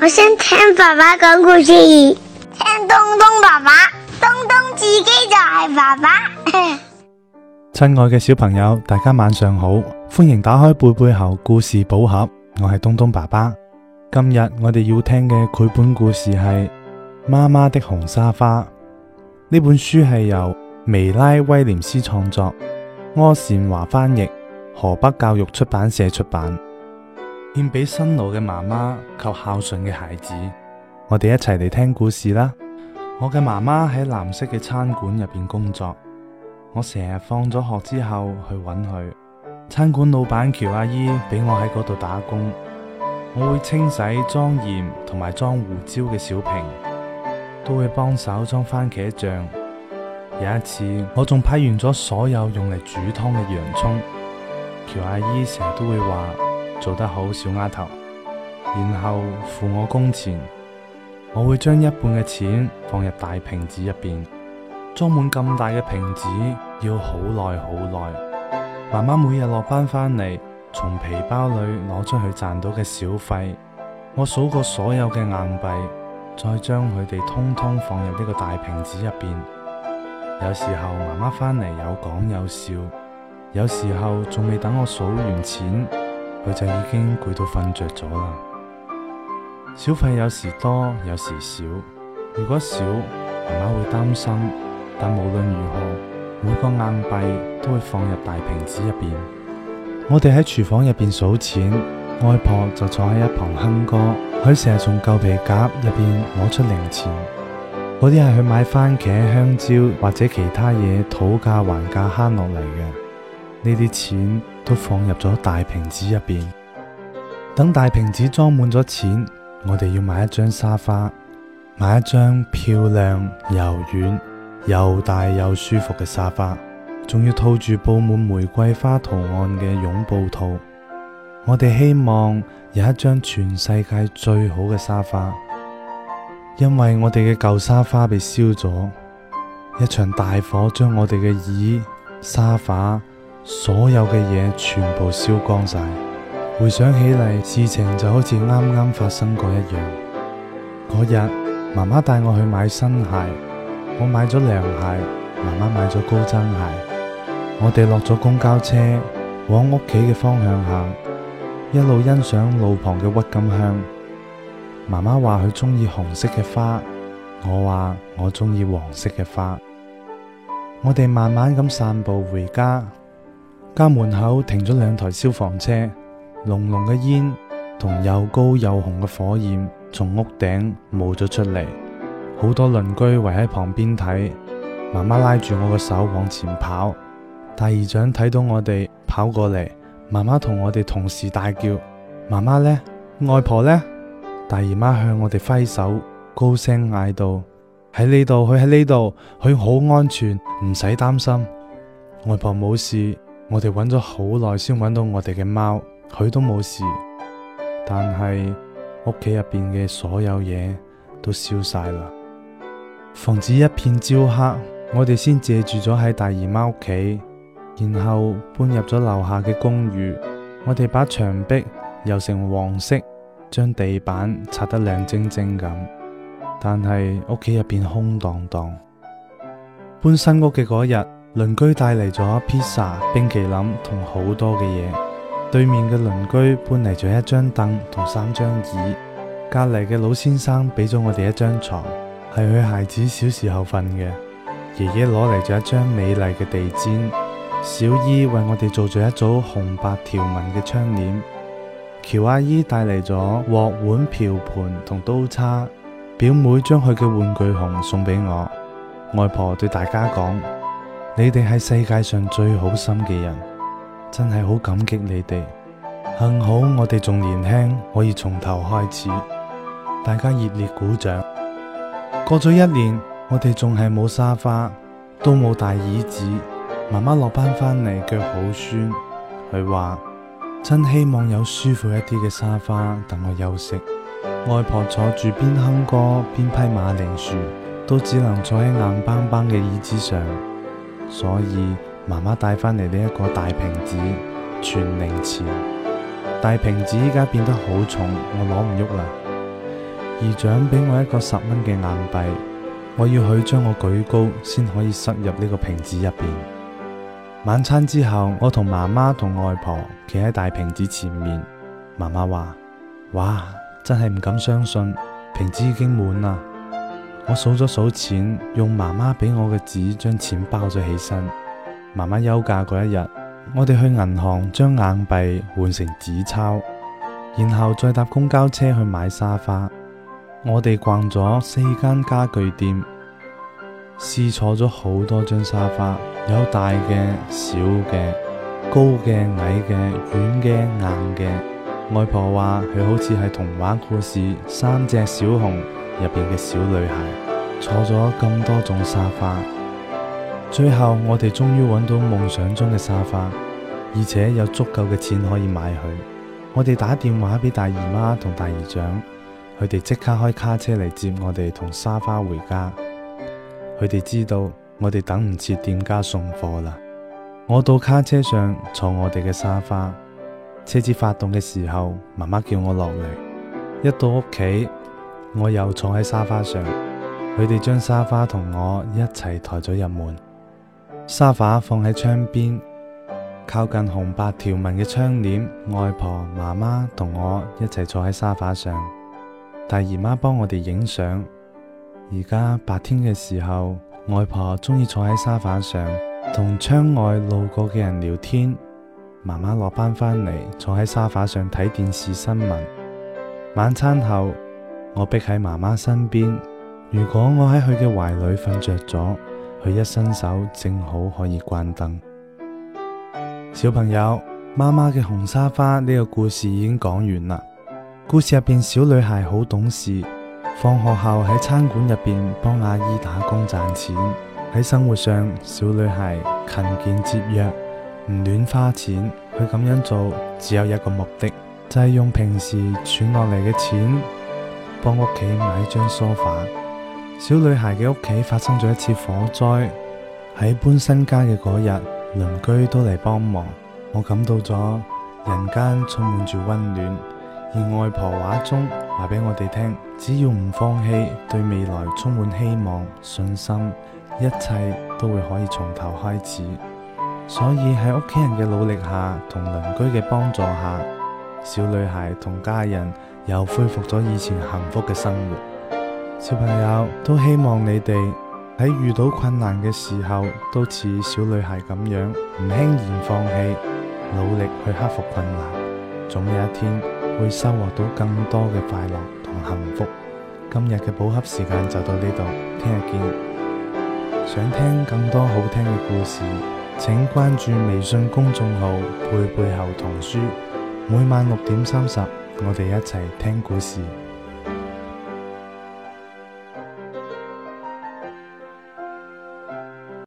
我想聽爸爸講故事，聽東東爸爸，東東自己就係爸爸。 親愛嘅小朋友，大家晚上好，歡迎打開貝貝猴故事寶盒，我係東東爸爸。今日我哋要聽嘅繪本故事係《媽媽的紅沙發》。呢本書係由薇拉威廉斯創作。何倩華翻譯，河北教育出版社出版。獻俾辛勞嘅媽媽及孝順嘅孩子，我哋一齊嚟聽故事啦。我嘅媽媽喺藍色嘅餐館入邊工作，我成日放咗學之後去揾佢。餐館老闆喬阿姨俾我喺嗰度打工，我會清洗裝鹽同埋裝胡椒嘅小瓶，都會幫手裝番茄醬。有一次，我仲批完咗所有用嚟煮湯嘅洋葱。喬阿姨成日都會話做得好，小丫頭。然後付我工錢，我會將一半嘅錢放入大瓶子入邊。裝滿咁大嘅瓶子要好耐好耐。媽媽每日落班返嚟，從皮包裏攞出去賺到嘅小費，我數過所有嘅硬幣，再將佢哋通通放入呢個大瓶子入邊。有時候媽媽翻嚟有講有笑，有時候仲未等我數完錢，佢就已經攰到瞓着咗啦。小費有時多，有時少，如果少，媽媽會擔心，但無論如何，每個硬幣都會放入大瓶子入邊。我哋喺廚房入邊數錢，外婆就坐喺一旁哼歌，佢成日從舊皮夾入邊攞出零錢。嗰啲係去買番茄、香蕉或者其他嘢，討價還價慳落嚟嘅，呢啲錢都放入咗大瓶子入邊。等大瓶子裝滿咗錢，我哋要買一張沙發，買一張漂亮又軟又大又舒服嘅沙發，仲要套住布滿玫瑰花圖案嘅絨布套。我哋希望有一張全世界最好嘅沙發。因為我哋嘅舊沙發被燒咗，一場大火將我哋嘅椅、沙發，所有嘅嘢全部燒光晒。回想起嚟，事情就好似啱啱發生過一樣。嗰日，媽媽帶我去買新鞋，我買咗涼鞋，媽媽買咗高踭鞋。我哋落咗公交車，往屋企嘅方向行，一路欣賞路旁嘅鬱金香。媽媽話佢中意紅色嘅花，我話我中意黃色嘅花。我哋慢慢咁散步回家，家門口停咗兩台消防車，濃濃嘅煙同又高又紅嘅火焰從屋頂冒咗出嚟。好多鄰居圍喺旁邊睇，媽媽拉住我嘅手往前跑。大姨丈睇到我哋跑過嚟，媽媽同我哋同時大叫：「媽媽呢？外婆呢？」大姨媽向我哋揮手，高聲嗌道：喺呢度，佢喺呢度，佢好安全，唔使擔心。外婆冇事，我哋揾咗好耐先揾到我哋嘅貓，佢都冇事。但係屋企入邊嘅所有嘢都燒晒啦，房子一片焦黑。我哋先借住咗喺大姨媽屋企，然後搬入咗樓下嘅公寓。我哋把牆壁油成黃色。將地板擦得亮晶晶咁，但係屋企入邊空蕩蕩。搬新屋嘅嗰日，鄰居帶嚟咗披薩、冰淇淋同好多嘅嘢。對面嘅鄰居搬嚟咗一張凳同三張椅。隔籬嘅老先生俾咗我哋一張床，係佢孩子小時候瞓嘅。爺爺攞嚟咗一張美麗嘅地氈。小姨為我哋做咗一組紅白條紋嘅窗簾。喬阿姨帶嚟咗鑊碗瓢盆同刀叉，表妹將佢嘅玩具熊送俾我。外婆對大家講：你哋係世界上最好心嘅人，真係好感激你哋。幸好我哋仲年輕，可以從頭開始。大家熱烈鼓掌。過咗一年，我哋仲係冇沙發，都冇大椅子。媽媽落班翻嚟，腳好酸，佢話。真希望有舒服一啲嘅沙發等我休息。外婆坐住邊哼歌邊批馬鈴薯，都只能坐喺硬邦邦嘅椅子上。所以媽媽帶翻嚟呢一個大瓶子全零錢。大瓶子依家變得好重，我攞唔喐啦。姨丈俾我一個十蚊嘅硬幣，我要佢將我舉高先可以塞入呢個瓶子入邊。晚餐之後，我同媽媽同外婆企喺大瓶子前面。媽媽話：哇，真係唔敢相信，瓶子已經滿啦！我數咗數錢，用媽媽俾我嘅紙將錢包咗起身。媽媽休假嗰一日，我哋去銀行將硬幣換成紙鈔，然後再搭公交車去買沙發。我哋逛咗四間家具店。試坐咗好多張沙發，有大嘅、小嘅、高嘅、矮嘅、軟嘅、硬嘅。外婆話佢好似係童話故事《三隻小熊》入邊嘅小女孩，坐咗咁多種沙發。最後我哋終於揾到夢想中嘅沙發，而且有足夠嘅錢可以買佢。我哋打電話俾大姨媽同大姨丈，佢哋即刻開卡車嚟接我哋同沙發回家。佢哋知道我哋等唔切店家送貨啦。我到卡車上坐我哋嘅沙發。車子發動嘅時候，媽媽叫我落嚟。一到屋企，我又坐喺沙發上。佢哋將沙發同我一齊抬咗入門。沙發放喺窗邊，靠近紅白條紋嘅窗簾。外婆、媽媽同我一齊坐喺沙發上。大姨媽幫我哋影相。而家白天嘅時候，外婆鍾意坐喺沙發上，同窗外路過嘅人聊天。媽媽落班返嚟，坐喺沙發上睇電視新聞。晚餐後，我逼喺媽媽身邊。如果我喺佢嘅懷裏瞓着咗，佢一伸手，正好可以關燈。小朋友，媽媽嘅紅沙發呢個故事已經講完啦。故事入邊，小女孩好懂事。放學後喺餐館入邊幫阿姨打工賺錢，喺生活上小女孩勤儉節約，唔亂花錢。佢咁樣做只有一個目的，就係用平時儲落嚟嘅錢幫屋企買張梳化。小女孩嘅屋企發生咗一次火災，喺搬新家嘅嗰日，鄰居都嚟幫忙。我感到咗人間充滿住溫暖。而外婆話中話俾我哋聽，只要唔放棄，對未來充滿希望、信心，一切都會可以從頭開始。所以喺屋企人嘅努力下，同鄰居嘅幫助下，小女孩同家人又恢復咗以前幸福嘅生活。小朋友，都希望你哋喺遇到困難嘅時候，都似小女孩咁樣唔輕言放棄，努力去克服困難，總有一天，會收穫到更多嘅快樂同幸福。今日嘅寶盒時間就到呢度，聽日見。想聽更多好聽嘅故事，請關注微信公眾號《貝貝猴童書》，每晚六點三十，我哋一齊聽故事。